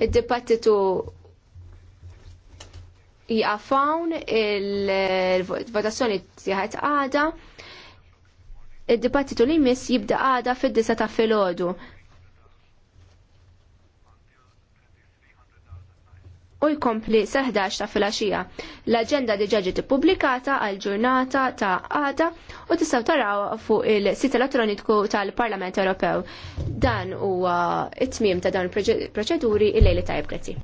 Id-dibattitu jgħafawn il-votazzjoni tiħat għada. Id-dibattitu li jmiss jibda għada fid-disa ta' filgħodu. u jkompli sa 11 ta' filgħaxija. L-aġenda diġà ġiet ippubblikata għal ġurnata ta' għada u tistgħu taraw fuq il-sit elettroniku tal-Parlament Ewropew. Dan huwa t tmiem ta' dawn il-proċeduri il-lejli tajb grazzi.